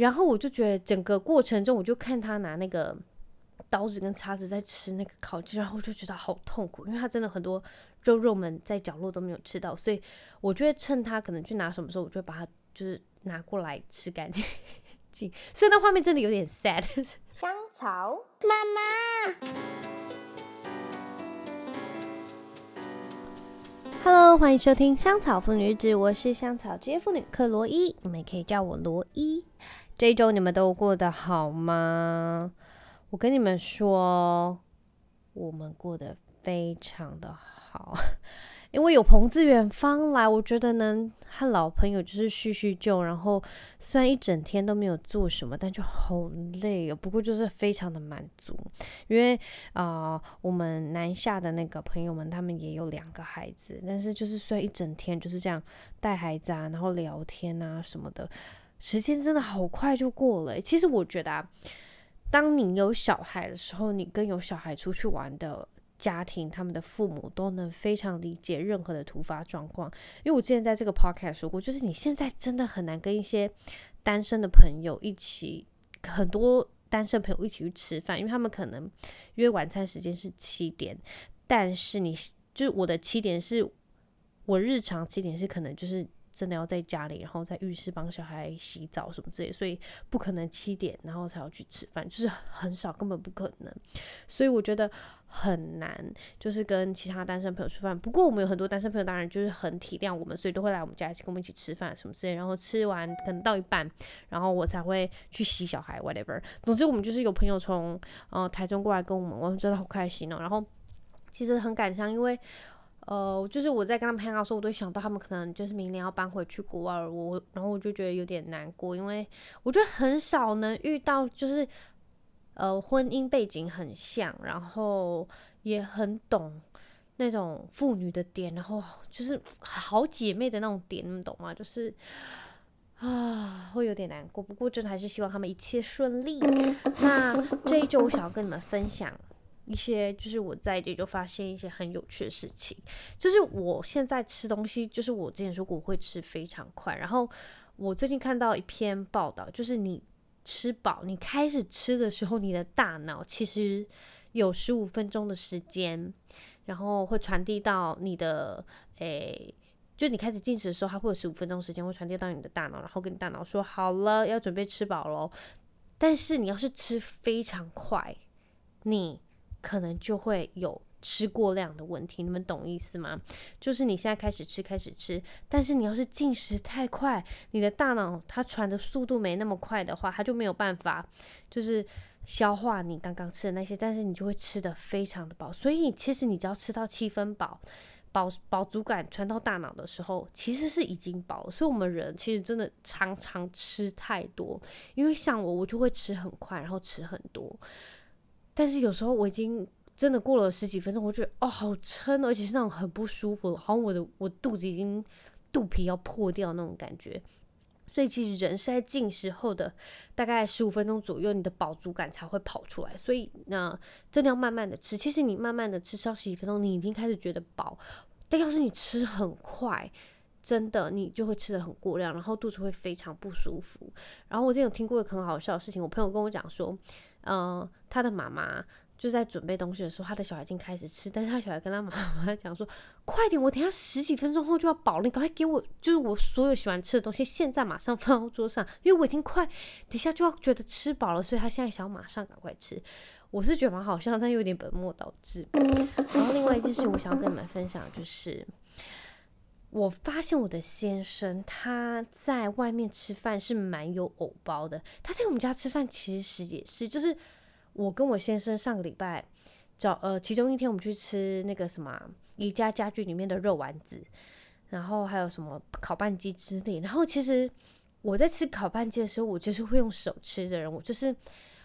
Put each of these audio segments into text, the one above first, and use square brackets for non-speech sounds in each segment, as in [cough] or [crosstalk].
然後我就覺得整個過程中，我就看他拿那個刀子跟叉子在吃那個烤雞，然後我就覺得好痛苦，因為他真的很多肉肉們在角落都沒有吃到，所以我就會趁他可能去拿什麼時候，我就會把他就是拿過來吃乾淨。所以那畫面真的有點 sad。香草 [laughs] 媽媽，Hello，歡迎收聽《香草婦女日子》，我是香草職業婦女克羅伊，你們也可以叫我羅伊。這一周你們都過得好嗎？我跟你們說，我們過得非常的好， [laughs] 因為有朋自遠方來，我覺得能和老朋友就是敘敘舊，然後雖然一整天都沒有做什麼，但就好累哦。不過就是非常的滿足，因為啊、呃，我們南下的那個朋友們，他們也有兩個孩子，但是就是雖然一整天就是這樣帶孩子啊，然後聊天啊什麼的。時間真的好快就過了。其實我覺得啊，當你有小孩的時候，你跟有小孩出去玩的家庭，他們的父母都能非常理解任何的突發狀況。因為我之前在這個 podcast 說過，就是你現在真的很難跟一些單身的朋友一起，很多單身朋友一起去吃飯，因為他們可能約晚餐時間是七點，但是你就是我的七點是我日常七點是可能就是。真的要在家裡，然後在浴室幫小孩洗澡什麼之類，所以不可能七點，然後才要去吃飯，就是很少，根本不可能。所以我覺得很難，就是跟其他單身朋友吃飯。不過我們有很多單身朋友，當然就是很體諒我們，所以都會來我們家一起跟我們一起吃飯什麼之類。然後吃完可能到一半，然後我才會去洗小孩，whatever。總之我們就是有朋友從呃台中過來跟我們，玩，真的好開心哦、喔。然後其實很感傷，因為。呃，就是我在跟他們 h a 的時候，我都會想到他們可能就是明年要搬回去國外，我然後我就覺得有點難過，因為我覺得很少能遇到就是呃婚姻背景很像，然後也很懂那種婦女的點，然後就是好姐妹的那種點，你們懂嗎？就是啊，會有點難過，不過真的還是希望他們一切順利。那這一周我想要跟你們分享。一些就是我在這裡就發現一些很有趣的事情，就是我現在吃東西，就是我之前說過我會吃非常快，然後我最近看到一篇報道，就是你吃飽，你開始吃的時候，你的大腦其實有十五分鐘的時間，然後會傳遞到你的誒、欸，就你開始進食的時候，它會有十五分鐘時間會傳遞到你的大腦，然後跟你大腦說好了要準備吃飽嘍。但是你要是吃非常快，你。可能就會有吃過量的問題，你們懂意思嗎？就是你現在開始吃，開始吃，但是你要是進食太快，你的大腦它傳的速度沒那麼快的話，它就沒有辦法就是消化你剛剛吃的那些，但是你就會吃得非常的飽。所以其實你只要吃到七分飽，飽飽足感傳到大腦的時候，其實是已經飽了。所以我們人其實真的常常吃太多，因為像我，我就會吃很快，然後吃很多。但是有時候我已經真的過了十幾分鐘，我覺得哦好撐哦，而且是那種很不舒服，好像我的我肚子已經肚皮要破掉那種感覺。所以其實人是在進食後的大概十五分鐘左右，你的飽足感才會跑出來。所以那、呃、真的要慢慢的吃。其實你慢慢的吃，上十幾分鐘，你已經開始覺得飽。但要是你吃很快，真的你就會吃的很過量，然後肚子會非常不舒服。然後我之前有聽過一個很好笑的事情，我朋友跟我講說。嗯，他的媽媽就在準備東西的時候，他的小孩已經開始吃。但是他小孩跟他媽媽講說：“快點，我等下十幾分鐘後就要飽了，你趕快給我，就是我所有喜歡吃的東西，現在馬上放到桌上，因為我已經快，等下就要覺得吃飽了，所以他現在想馬上趕快吃。我是覺得蠻好笑，但又有點本末倒置。 [noise] 然後另外一件事，我想要跟你們分享就是。”我發現我的先生他在外面吃飯是蠻有偶包的。他在我們家吃飯其實也是，就是我跟我先生上個禮拜找呃，其中一天我們去吃那個什麼宜家家居裡面的肉丸子，然後還有什麼烤半雞之類。然後其實我在吃烤半雞的時候，我就是會用手吃的人，我就是。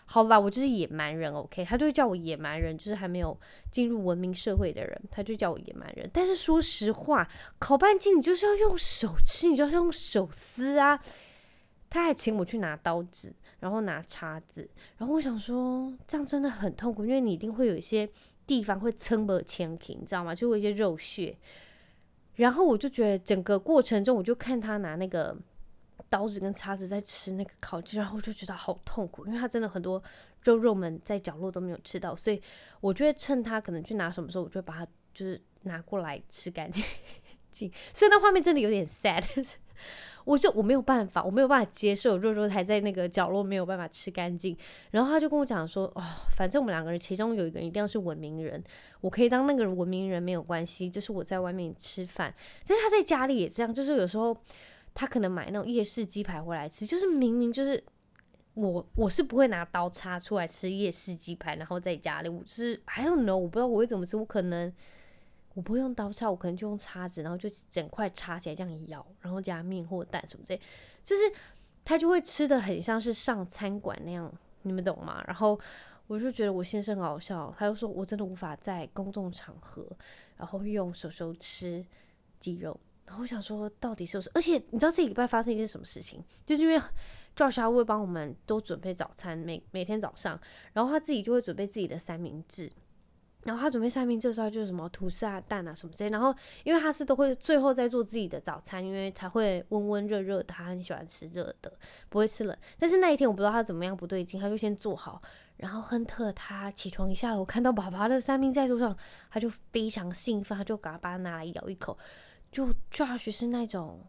好吧，我就是野蠻人，OK？他就會叫我野蠻人，就是還沒有進入文明社會的人，他就叫我野蠻人。但是說實話，烤半雞你就是要用手吃，你就是要用手撕啊。他還請我去拿刀子，然後拿叉子，然後我想說這樣真的很痛苦，因為你一定會有一些地方會撐不起來，你知道嗎？就會一些肉屑。然後我就覺得整個過程中，我就看他拿那個。刀子跟叉子在吃那個烤雞，然後我就覺得好痛苦，因為他真的很多肉肉們在角落都沒有吃到，所以我就會趁他可能去拿什麼時候，我就會把他就是拿過來吃乾淨。 [laughs] 所以那畫面真的有點 sad， [laughs] 我就我沒有辦法，我沒有辦法接受肉肉還在那個角落沒有辦法吃乾淨。然後他就跟我講說，哦，反正我們兩個人其中有一個人一定要是文明人，我可以當那個文明人沒有關係，就是我在外面吃飯。但是他在家裡也這樣，就是有時候。他可能買那種夜市雞排回來吃，就是明明就是我，我是不會拿刀叉出來吃夜市雞排，然後在家裡我，我是 I don't know，我不知道我會怎麼吃，我可能我不會用刀叉，我可能就用叉子，然後就整塊叉起來這樣咬，然後加面或蛋什麼之類，就是他就會吃的很像是上餐館那樣，你們懂嗎？然後我就覺得我先生搞笑，他就說我真的無法在公眾場合，然後用手手吃雞肉。然後我想說，到底是不是？而且你知道這禮拜發生一件什麼事情？就是因為 Josh 會幫我們都準備早餐，每每天早上，然後他自己就會準備自己的三明治。然後他準備三明治的時候，就是什麼吐司啊、蛋啊什麼之類，然後因為他是都會最後再做自己的早餐，因為才會溫溫熱熱的，他很喜歡吃熱的，不會吃冷。但是那一天我不知道他怎麼樣不對勁，他就先做好。然後亨特他起床一下，我看到爸爸的三明治在桌上，他就非常興奮，他就趕快把它拿來咬一口。就就是是那種，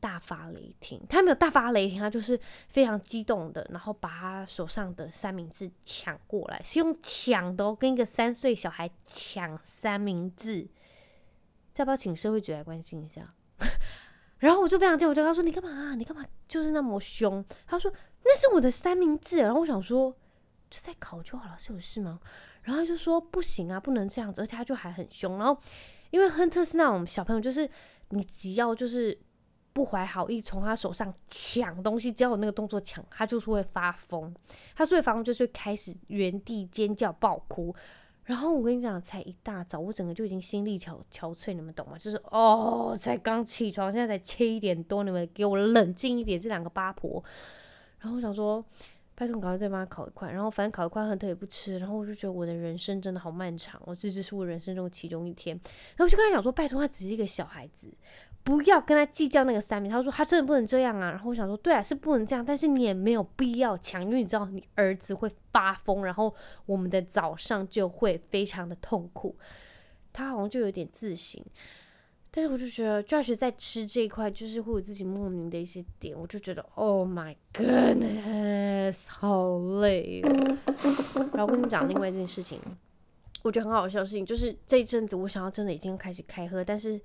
大發雷霆，他沒有大發雷霆，他就是非常激動的，然後把他手上的三明治搶過來，是用搶的，哦，跟一個三歲小孩搶三明治，要不要請社會局來關心一下？ [laughs] 然後我就非常氣，我就跟他說你幹嘛？你幹嘛？就是那麼凶？他說那是我的三明治，啊。然後我想說，就在考就好了，是有事嗎？然後他就說不行啊，不能這樣子，而且他就還很凶。然後因為亨特是那種小朋友，就是。你只要就是不懷好意從他手上搶東西，只要有那個動作搶，他就是會發瘋。他所以發瘋就是會開始原地尖叫、爆哭。然後我跟你講，才一大早，我整個就已經心力憔憔悴，你們懂嗎？就是哦，才剛起床，現在才七點多，你們給我冷靜一點，這兩個八婆。然後我想說。拜託，趕快再幫他烤一塊，然後反正烤一塊亨特也不吃，然後我就覺得我的人生真的好漫長，我這就是我的人生中其中一天。然後我就跟他講說：“拜託，他只是一個小孩子，不要跟他計較那個三明。”他說：“他真的不能這樣啊。”然後我想說：“對啊，是不能這樣，但是你也沒有必要搶，因為你知道你兒子會發瘋，然後我們的早上就會非常的痛苦。”他好像就有點自省。但是我就覺得 Josh 在吃這一塊，就是會有自己莫名的一些點，我就覺得 Oh my goodness，好累。 [laughs] 然後跟你們講另外一件事情，我覺得很好笑的事情，就是這一陣子我想要真的已經開始開喝，但是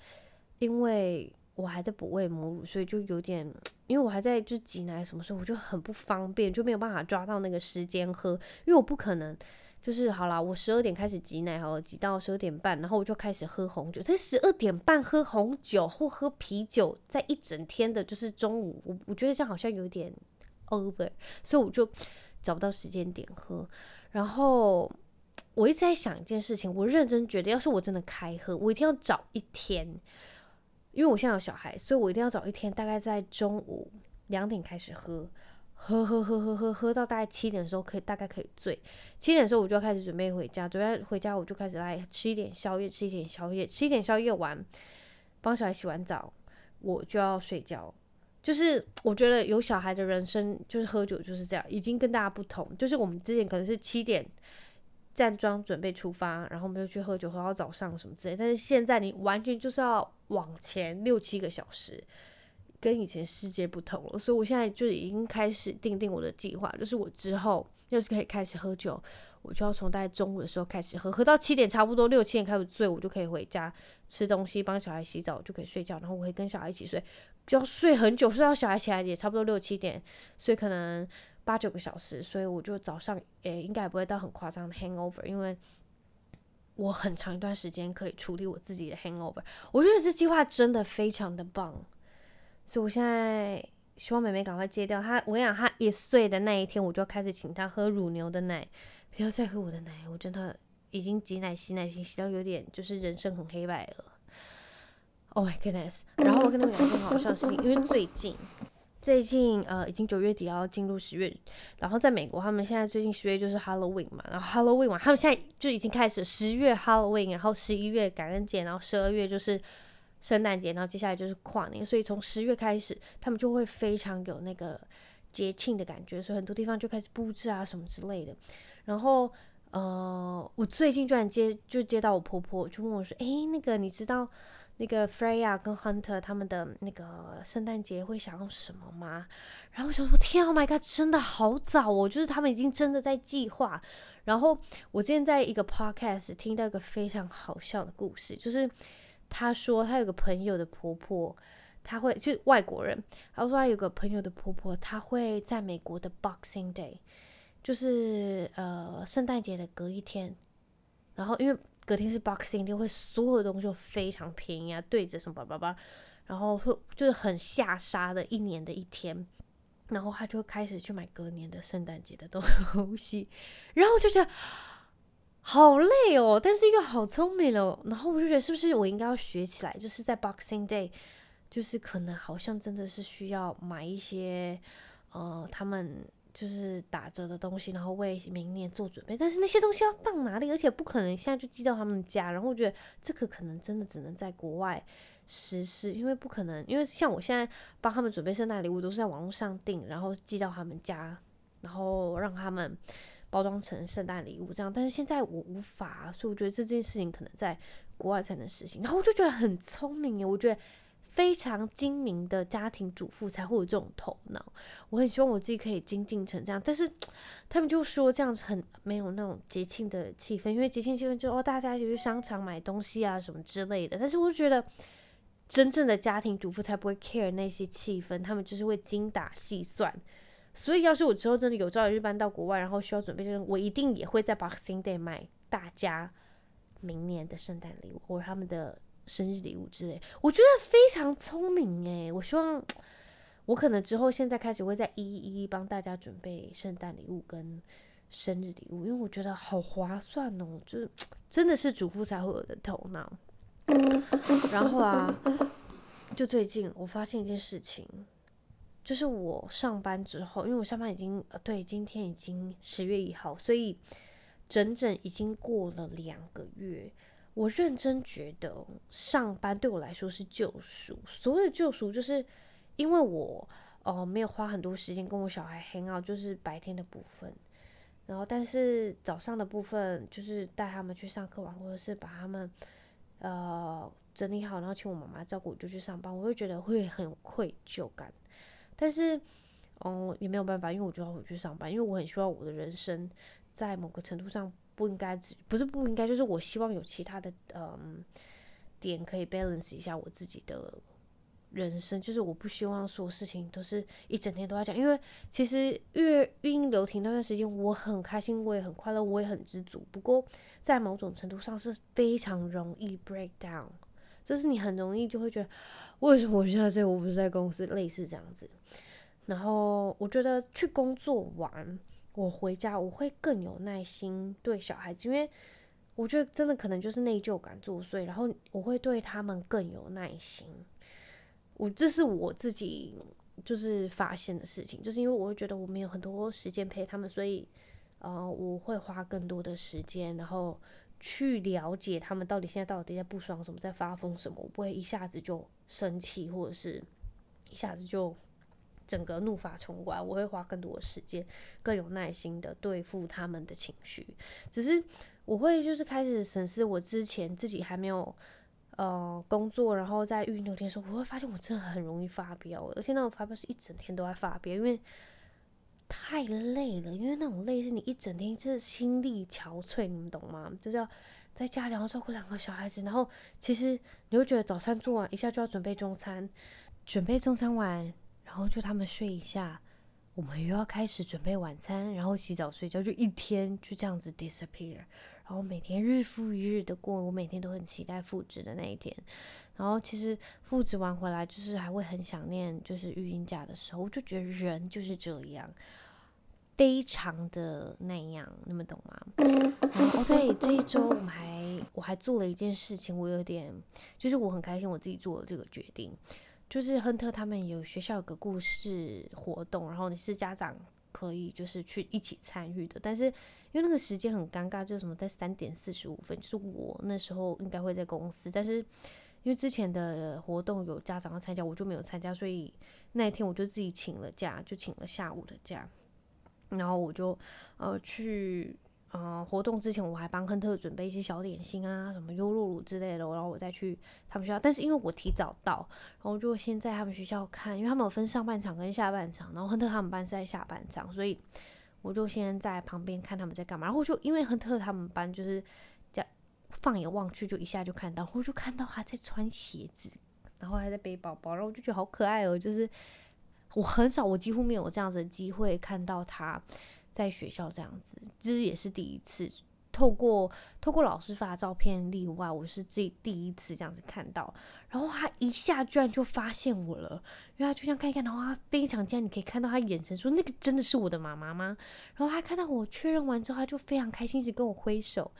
因為我還在哺餵母乳，所以就有點因為我還在就擠奶什麼時候，我就很不方便，就沒有辦法抓到那個時間喝，因為我不可能。就是好啦，我十二點開始擠奶好，然後擠到十二點半，然後我就開始喝紅酒。在十二點半喝紅酒或喝啤酒，在一整天的，就是中午，我我覺得這樣好像有點 over，所以我就找不到時間點喝。然後我一直在想一件事情，我認真覺得，要是我真的開喝，我一定要找一天，因為我現在有小孩，所以我一定要找一天，大概在中午兩點開始喝。喝喝喝喝喝，喝到大概七點的時候可以，大概可以醉。七點的時候我就要開始準備回家，準備回家我就開始來吃一點宵夜，吃一點宵夜，吃一點宵夜完，幫小孩洗完澡，我就要睡覺。就是我覺得有小孩的人生就是喝酒就是這樣，已經跟大家不同。就是我們之前可能是七點站樁準備出發，然後沒有去喝酒，喝到早上什麼之類，但是現在你完全就是要往前六七個小時。跟以前世界不同了，所以我現在就已經開始訂定我的計劃，就是我之後要是可以開始喝酒，我就要從大概中午的時候開始喝，喝到七點差不多六七點開始醉，我就可以回家吃東西，幫小孩洗澡，就可以睡覺，然後我會跟小孩一起睡，就要睡很久，睡到小孩起來也差不多六七點，睡可能八九個小時，所以我就早上誒、欸、應該也不會到很誇張的 hangover，因為我很長一段時間可以處理我自己的 hangover，我覺得這計劃真的非常的棒。所以，我現在希望妹妹趕快戒掉他。我跟你講，他一歲的那一天，我就要開始請他喝乳牛的奶，不要再喝我的奶。我真的已經擠奶，奶、洗奶瓶，洗到有點就是人生很黑白了。Oh my goodness！ [laughs] 然後我跟他們講說：「好笑的因為最近最近呃，已經九月底要進入十月，然後在美國，他們現在最近十月就是 Halloween 嘛，然後 Halloween 嘛，他們現在就已經開始十月 Halloween，然後十一月感恩節，然後十二月就是。聖誕節，然後接下來就是跨年，所以從十月開始，他們就會非常有那個節慶的感覺，所以很多地方就開始佈置啊什麼之類的。然後，呃，我最近居然接就接到我婆婆，就問我說：“誒、欸，那個你知道那個 Freya 跟 Hunter 他們的那個聖誕節會想要什麼嗎？”然後我想說：“天啊，Oh my God，真的好早哦，就是他們已經真的在計劃。”然後我今天在一個 Podcast 聽到一個非常好笑的故事，就是。他說，他有個朋友的婆婆，他會就是外國人。他說他有個朋友的婆婆，她會在美國的 Boxing Day，就是呃聖誕節的隔一天。然後因為隔天是 Boxing Day，會所有的東西非常便宜啊，對折什麼巴巴巴，然後會就是很下殺的一年的一天。然後她就開始去買隔年的聖誕節的東西，然後就覺得。好累哦，但是又好聰明哦。然後我就覺得，是不是我應該要學起來？就是在 Boxing Day，就是可能好像真的是需要買一些呃，他們就是打折的東西，然後為明年做準備。但是那些東西要放哪裡？而且不可能現在就寄到他們家。然後我覺得這個可能真的只能在國外實施，因為不可能，因為像我現在幫他們準備聖誕禮物，我都是在網絡上訂，然後寄到他們家，然後讓他們。包裝成聖誕禮物這樣，但是現在我無法，所以我覺得這件事情可能在國外才能實行。然後我就覺得很聰明耶，我覺得非常精明的家庭主婦才會有這種頭腦。我很希望我自己可以精進成這樣，但是他們就說這樣子很沒有那種節慶的氣氛，因為節慶氣氛就是，哦，大家一起去商場買東西啊什麼之類的。但是我就覺得真正的家庭主婦才不會 care 那些氣氛，他們就是會精打細算。所以，要是我之後真的有朝一日搬到國外，然後需要準備這種，我一定也會在 Boxing Day 買大家明年的聖誕禮物或者他們的生日禮物之類。我覺得非常聰明哎！我希望我可能之後現在開始會在一一一幫大家準備聖誕禮物跟生日禮物，因為我覺得好划算哦，就是真的是主婦才會有的頭腦。嗯。然後啊，就最近我發現一件事情。就是我上班之後，因為我上班已經對，今天已經十月一號，所以整整已經過了兩個月。我認真覺得上班對我來說是救贖。所謂的救贖，就是因為我哦、呃、沒有花很多時間跟我小孩 hang out，就是白天的部分。然後，但是早上的部分，就是帶他們去上課玩，或者是把他們呃整理好，然後請我媽媽照顧，我就去上班，我就覺得會很愧疚感。但是，哦，也沒有辦法，因為我就要回去上班，因為我很希望我的人生在某個程度上不應該，不是不應該，就是我希望有其他的嗯點可以 balance 一下我自己的人生，就是我不希望所有事情都是一整天都在講，因為其實育嬰留停那段時間，我很開心，我也很快樂，我也很知足，不過在某種程度上是非常容易 break down。就是你很容易就會覺得，為什麼我現在這我不是在公司類似這樣子，然後我覺得去工作完，我回家我會更有耐心對小孩子，因為我覺得真的可能就是內疚感作祟，然後我會對他們更有耐心。我這是我自己就是發現的事情，就是因為我會覺得我沒有很多時間陪他們，所以呃，我會花更多的時間，然後。去了解他們到底現在到底在不爽什麼，在發瘋什麼，我不會一下子就生氣，或者是一下子就整個怒髮衝冠，我會花更多的時間，更有耐心的對付他們的情緒。只是我會就是開始審視我之前自己還沒有呃工作，然後在運動天的時候，我會發現我真的很容易發飆，而且那種發飆是一整天都在發飆，因為。太累了，因為那種累是你一整天就是心力憔悴，你們懂嗎？就是要在家裡然後照顧兩個小孩子，然後其實你會覺得早餐做完一下就要準備中餐，準備中餐完，然後就他們睡一下，我們又要開始準備晚餐，然後洗澡睡覺，就一天就這樣子 disappear，然後每天日復一日的過，我每天都很期待復職的那一天。然後其實復職完回來，就是還會很想念，就是育嬰假的時候，我就覺得人就是這樣，非常的那樣，你們懂嗎？然後，嗯，哦，對，這一周我們還我還做了一件事情，我有點就是我很開心我自己做了這個決定，就是亨特他們有學校有個故事活動，然後你是家長可以就是去一起參與的，但是因為那個時間很尷尬，就什麼在三點四十五分，就是我那時候應該會在公司，但是。因為之前的活動有家長要參加，我就沒有參加，所以那一天我就自己請了假，就請了下午的假。然後我就呃去，呃活動之前我還幫亨特準備一些小點心啊，什麼優酪乳之類的。然後我再去他們學校，但是因為我提早到，然後我就先在他們學校看，因為他們有分上半場跟下半場，然後亨特他們班是在下半場，所以我就先在旁邊看他們在幹嘛。然後就因為亨特他們班就是。放眼望去，就一下就看到，我就看到他在穿鞋子，然後還在背包包，然後我就覺得好可愛哦。就是我很少，我幾乎沒有這樣子的機會看到他在學校這樣子，這也是第一次。透過透過老師發的照片例外，我是這第一次這樣子看到。然後他一下居然就發現我了，因為他就像看一看，然後他非常驚訝，你可以看到他眼神說：“那個真的是我的媽媽嗎？”然後他看到我確認完之後，他就非常開心，一直跟我揮手。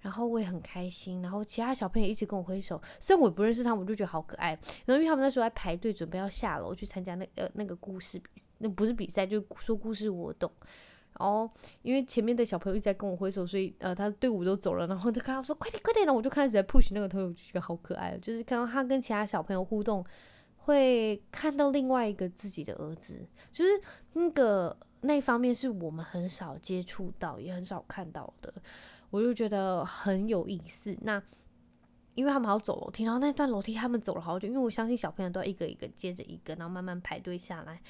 然後我也很開心，然後其他小朋友也一直跟我揮手，雖然我不認識他們，我就覺得好可愛。然後因為他們那時候在排隊準備要下樓去參加那個、呃那個故事比，那、呃、不是比賽，就是說故事我懂。然後因為前面的小朋友一直在跟我揮手，所以呃他的隊伍都走了，然後他看到說快點快點，然後我就開始在 push 那個頭，我就覺得好可愛，就是看到他跟其他小朋友互動，會看到另外一個自己的兒子，就是那個那一方面是我們很少接觸到，也很少看到的。我就覺得很有意思。那因為他們好走樓梯，然後那段樓梯他們走了好久。因為我相信小朋友都要一個一個接着一個，然後慢慢排隊下來。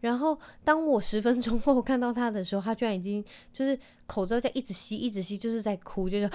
然後當我十分鐘後看到他的時候，他居然已經就是口罩在一直吸，一直吸，就是在哭，就是。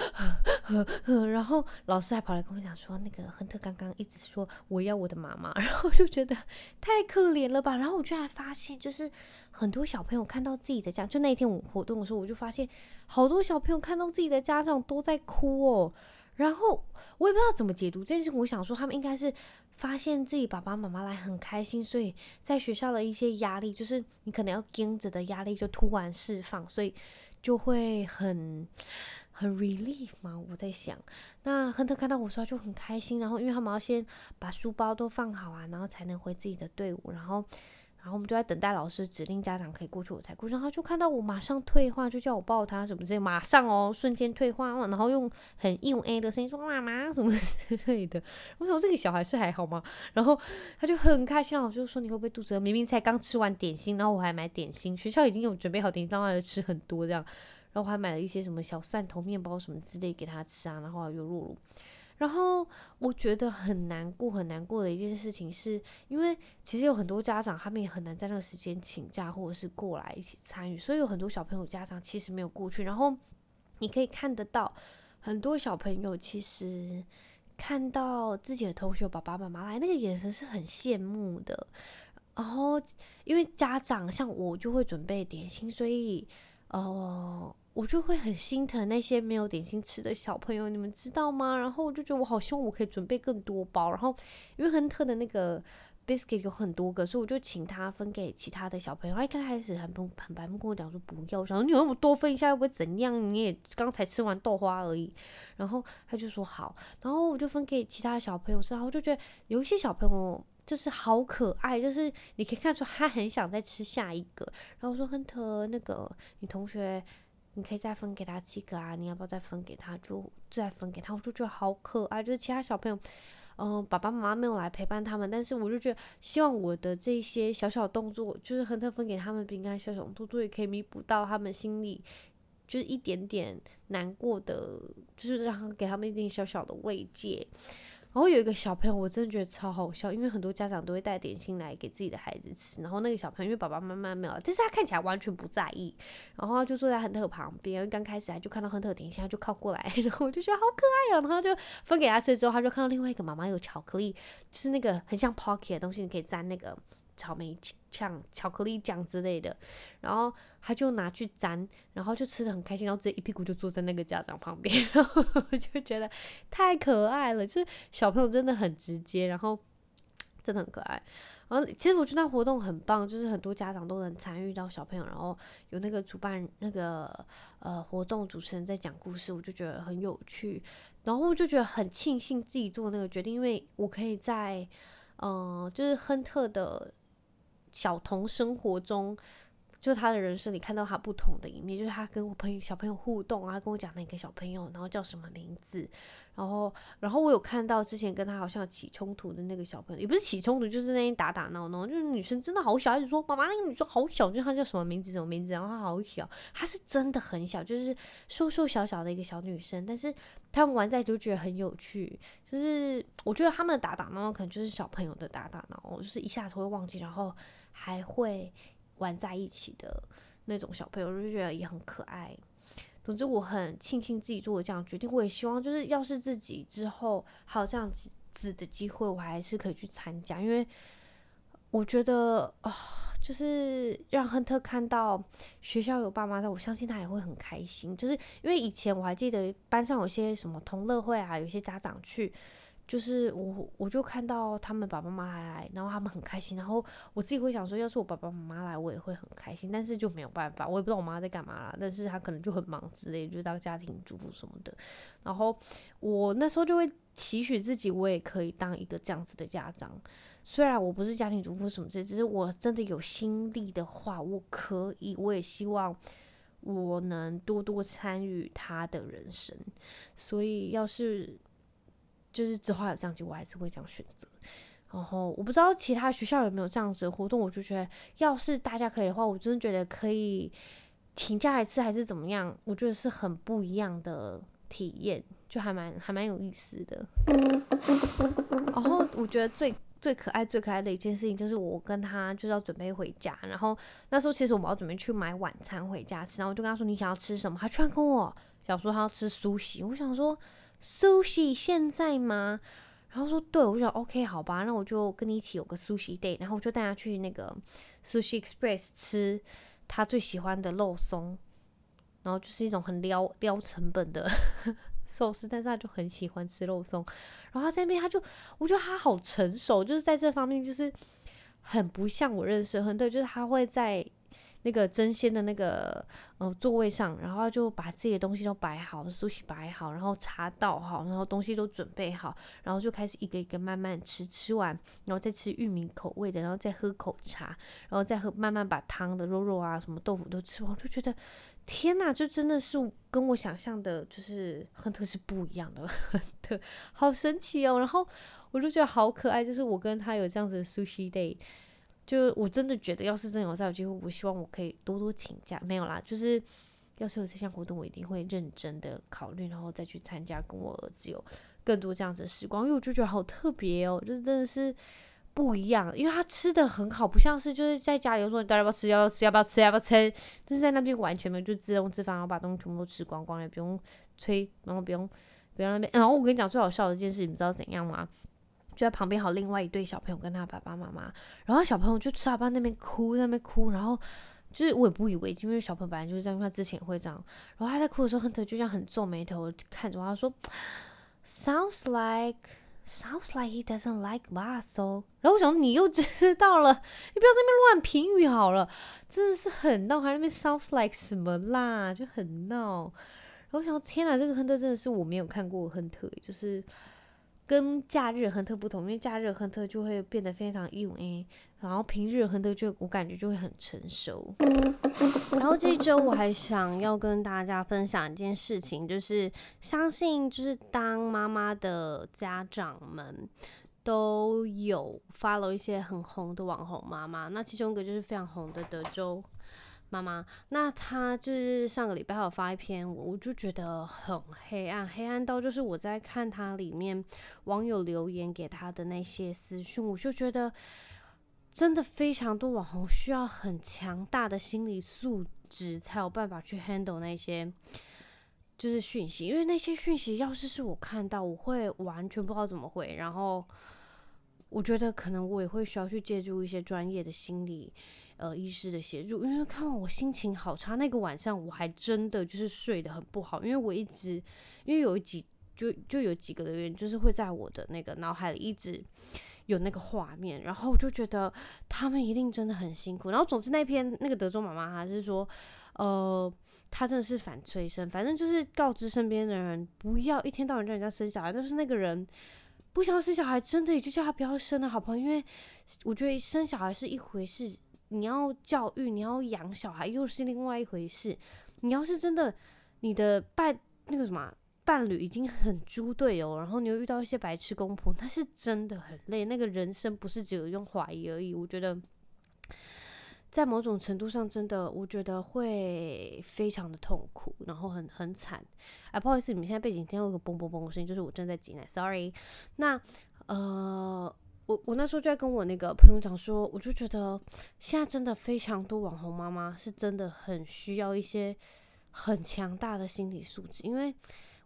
呵呵，然後老師還跑來跟我講說，那個亨特剛剛一直說我要我的媽媽，然後就覺得太可憐了吧。然後我居然發現，就是很多小朋友看到自己的家，就那一天我活動的時候，我就發現好多小朋友看到自己的家長都在哭哦。然後我也不知道怎麼解讀這件事。我想說，他們應該是發現自己爸爸媽媽來很開心，所以在學校的一些壓力，就是你可能要盯着的壓力，就突然釋放，所以就會很。很 relief 嘛，我在想，那亨特看到我說就很開心，然後因為他們要先把書包都放好啊，然後才能回自己的隊伍，然後，然後我們就在等待老師指令，家長可以過去我才過去，然後就看到我馬上退化，就叫我抱他什麼這，馬上哦，瞬間退化，然後用很硬 a 的聲音說媽媽什麼之類的，我說這個小孩是還好嗎？然後他就很開心，然後就說你會不會肚子餓？明明才剛吃完點心，然後我還買點心，學校已經有準備好點心，當然要吃很多這樣。然後我還買了一些什麼小蒜頭麵包什麼之類給他吃啊，然後又露露。然後我覺得很難過，很難過的一件事情是，是因為其實有很多家長他們也很難在那個時間請假或者是過來一起參與，所以有很多小朋友家長其實沒有過去。然後你可以看得到，很多小朋友其實看到自己的同學爸爸媽媽來，那個眼神是很羨慕的。然後因為家長像我就會準備點心，所以哦。呃我就會很心疼那些沒有點心吃的小朋友，你們知道嗎？然後我就覺得我好希望我可以準備更多包。然後因為亨特的那個 biscuit 有很多個，所以我就請他分給其他的小朋友。他一開始很不，很白目，不跟我講說不要。然後我說你有那麼多，分一下，又不會怎樣。你也剛才吃完豆花而已。然後他就說好。然後我就分給其他的小朋友吃。然後我就覺得有一些小朋友就是好可愛，就是你可以看出他很想再吃下一個。然後我說亨特，那個女同學。你可以再分給他幾個啊？你要不要再分給他？就再分給他，我就覺得好可愛。就是其他小朋友，嗯，爸爸媽媽沒有來陪伴他們，但是我就覺得，希望我的這些小小動作，就是亨特分給他們餅乾，小小多多也可以彌補到他們心裡，就是一點點難過的，就是讓給他們一點小小的慰藉。然後有一個小朋友，我真的覺得超好笑，因為很多家長都會帶點心來給自己的孩子吃。然後那個小朋友，因為爸爸媽媽媽沒有，但是他看起來完全不在意，然後就坐在亨特旁邊。剛開始還就看到亨特點心，他就靠過來，然後我就覺得好可愛啊、哦。然後就分給他吃之後，他就看到另外一個媽媽有巧克力，就是那個很像 Pocky 的東西，你可以沾那個。草莓醬、巧克力醬之類的，然後他就拿去沾，然後就吃的很開心，然後這一屁股就坐在那個家長旁邊，然後我就覺得太可愛了，就是小朋友真的很直接，然後真的很可愛。然後其實我覺得活動很棒，就是很多家長都能參與到小朋友，然後有那個主辦那個呃活動主持人在講故事，我就覺得很有趣，然後我就覺得很慶幸自己做那個決定，因為我可以在嗯、呃、就是亨特的。小童生活中，就他的人生裡，看到他不同的一面，就是他跟我朋友、小朋友互動啊，跟我講那個小朋友，然後叫什麼名字。然後，然後我有看到之前跟他好像起衝突的那個小朋友，也不是起衝突，就是那些打打鬧鬧，就是女生真的好小，一直說媽媽那個女生好小，就她叫什麼名字什麼名字，然後她好小，她是真的很小，就是瘦瘦小小的一個小女生。但是他們玩在一起就覺得很有趣，就是我覺得他們打打鬧鬧可能就是小朋友的打打鬧鬧，就是一下子會忘記，然後還會玩在一起的那種小朋友，就覺得也很可愛。總之，我很慶幸自己做了這樣決定。我也希望，就是要是自己之後還有這樣子的機會，我還是可以去參加，因為我覺得啊、哦，就是讓亨特看到學校有爸媽在，我相信他也會很開心。就是因為以前我還記得班上有些什麼同樂會啊，有些家長去。就是我，我就看到他們爸爸媽媽來，然後他們很開心，然後我自己會想說，要是我爸爸媽媽來，我也會很開心，但是就沒有辦法，我也不知道我媽在幹嘛啦。但是她可能就很忙之類，就當家庭主婦什麼的。然後我那時候就會期許自己，我也可以當一個這樣子的家長，雖然我不是家庭主婦什麼的，只是我真的有心力的話，我可以，我也希望我能多多參與他的人生。所以要是。就是之後有這樣子，我還是會這樣選擇。然後我不知道其他學校有沒有這樣子的活動，我就覺得要是大家可以的話，我真的覺得可以請假一次，還是怎麼樣？我覺得是很不一樣的體驗，就還蠻還蠻有意思的。然後我覺得最最可愛最可愛的一件事情，就是我跟他就是要準備回家，然後那時候其實我們要準備去買晚餐回家吃，然後我就跟他說，你想要吃什麼，他居然跟我想說他要吃壽司，我想說。Sushi 現在嗎？然後說對，對我就想，OK，好吧，那我就跟你一起有個 Sushi Day，然後我就帶他去那個 Sushi Express 吃他最喜歡的肉鬆，然後就是一種很撩撩成本的壽司，但是他就很喜歡吃肉鬆，然後他在那邊他就，我覺得他好成熟，就是在這方面就是很不像我認識，很對，就是他會在。那個爭鮮的那個呃座位上，然後就把這些東西都擺好，Sushi 擺好，然後茶倒好，然後東西都準備好，然後就開始一個一個慢慢吃，吃完然後再吃玉米口味的，然後再喝口茶，然後再喝慢慢把湯的肉肉啊什麼豆腐都吃完，就覺得天哪，就真的是跟我想象的，就是 Hunter 是不一樣的，亨 [laughs] 特好神奇哦，然後我就覺得好可愛，就是我跟他有這樣子的 Sushi day。就我真的覺得，要是真的有再有機會，我希望我可以多多請假。沒有啦，就是要是有這項活動，我一定會認真的考慮，然後再去參加，跟我兒子有更多這樣子的時光。因為我就覺得好特別哦、喔，就是真的是不一樣。因為他吃得很好，不像是就是在家裡，有時候你到底要不要吃，要不要吃，要不要吃，要不要吃，要要，但是在那邊完全沒有，就自動吃飯，然後把東西全部都吃光光，也不用催，然後不用不用那邊、嗯。然後我跟你講最好笑的一件事，你知道怎樣嗎？就在旁邊，好，另外一對小朋友跟他爸爸媽媽，然後小朋友就在他爸那邊哭，在那邊哭，然後就是我也不以為意因為小朋友本來就是這樣，因為他之前也會這樣，然後他在哭的時候，亨特 [music] 就這樣很皺眉頭看着他說，Sounds like, sounds like he doesn't like buso。然後我想你又知道了，你不要在那邊亂評語好了，真的是很鬧，還那邊 sounds like 什麼啦，就很鬧。然後我想，天哪、啊，這個亨特真的是我沒有看過亨特，就是。跟假日亨特不同，因為假日亨特就會變得非常 EVA，然後平日亨特就我感覺就會很成熟。然後這一周我還想要跟大家分享一件事情，就是相信就是當媽媽的家長們都有 follow 一些很紅的網紅媽媽，那其中一個就是非常紅的德州，媽媽，那他就是上個禮拜還有發一篇，我就覺得很黑暗，黑暗到就是我在看他裡面網友留言給他的那些私訊，我就覺得真的非常多網紅需要很強大的心理素質才有辦法去 handle 那些就是訊息，因為那些訊息，要是是我看到，我會完全不知道怎麼回，然後我覺得可能我也會需要去借助一些專業的心理。呃，醫師的協助，因為看完我心情好差。那個晚上，我還真的就是睡得很不好，因為我一直，因為有幾就就有幾個的原因，就是會在我的那個腦海裡一直有那個畫面，然後我就覺得他們一定真的很辛苦。然後總之那篇那個德州媽媽還是說，呃，她真的是反催生，反正就是告知身邊的人不要一天到晚叫人家生小孩，但是那個人不想生小孩，真的也就叫他不要生了啊，好不好？因為我覺得生小孩是一回事。你要教育，你要養小孩，又是另外一回事。你要是真的，你的伴那個什麼、啊、伴侶已經很豬隊友、哦，然後你又遇到一些白痴公婆，那是真的很累。那個人生不是只有用懷疑而已。我覺得，在某種程度上，真的，我覺得會非常的痛苦，然後很很慘。哎、啊，不好意思，你們現在背景聽到一個嘣嘣嘣的聲音，就是我正在擠奶。Sorry，那呃。我我那時候就在跟我那個朋友講說，我就覺得現在真的非常多網紅媽媽是真的很需要一些很強大的心理素質，因為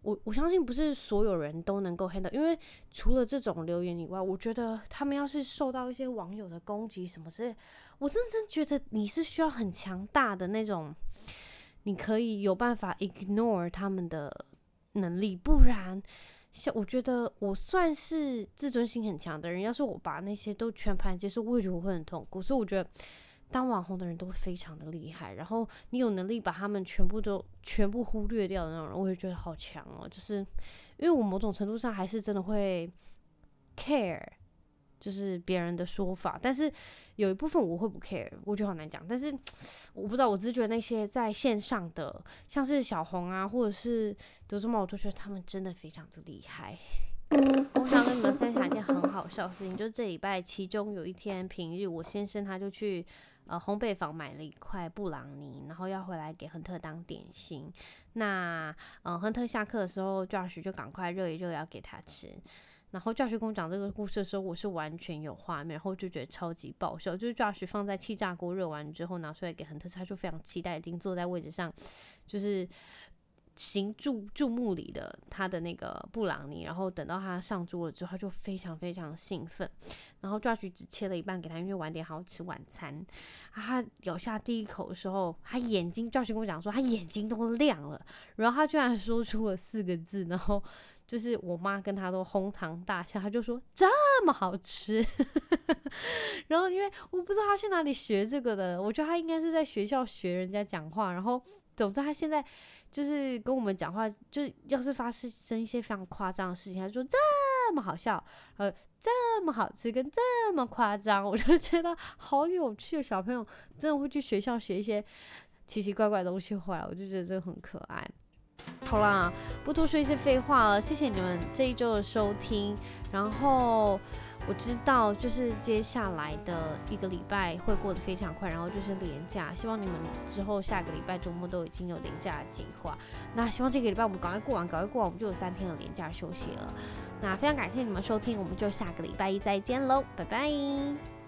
我我相信不是所有人都能夠 handle，因為除了這種留言以外，我覺得他們要是受到一些網友的攻擊什麼之類，我真正覺得你是需要很強大的那種，你可以有辦法 ignore 他們的能力，不然。像我覺得我算是自尊心很強的人，要是我把那些都全盤接受，我也覺得我會很痛苦。所以我覺得當網紅的人都非常的厲害，然後你有能力把他們全部都全部忽略掉的那種人，我也覺得好強哦。就是因為我某種程度上還是真的會 care。就是別人的說法，但是有一部分我會不 care，我就好難講。但是我不知道，我只是覺得那些在線上的，像是小紅啊，或者是德智茂，我就覺得他們真的非常的厲害。嗯。我想跟你們分享一件很好笑的事情，就是這禮拜其中有一天平日，我先生他就去呃烘焙坊買了一塊布朗尼，然後要回來給亨特當點心。那嗯，呃，亨特下課的時候，Josh 就趕快熱一熱，要給他吃。然後 Josh 跟我講這個故事的時候，我是完全有畫面，然後就覺得超級爆笑。就是 Josh 放在氣炸鍋熱完之後拿出來給亨特，他就非常期待已經坐在位置上，就是行注注目禮的他的那個布朗尼。然後等到他上桌了之後，他就非常非常興奮。然後 Josh 只切了一半給他，因為晚點還要吃晚餐、啊。他咬下第一口的時候，他眼睛 Josh 跟我講說他眼睛都亮了，然後他居然說出了四個字，然後。就是我媽跟他都哄堂大笑，他就說這麼好吃， [laughs] 然後因為我不知道他去哪裡學這個的，我覺得他應該是在學校學人家講話，然後總之他現在就是跟我們講話，就要是發生一些非常誇張的事情，他就說這麼好笑，呃，這麼好吃跟這麼誇張，我就覺得好有趣，小朋友真的會去學校學一些奇奇怪怪的東西回來，我就覺得這個很可愛。好啦，不多說一些廢話了。謝謝你們這一周的收聽。然後我知道，就是接下來的一個禮拜會過得非常快。然後就是年假，希望你們之後下個禮拜周末都已經有年假計劃。那希望這個禮拜我們趕快過完，趕快過完，我們就有三天的年假休息了。那非常感謝你們收聽，我們就下個禮拜一再見嘍，拜拜。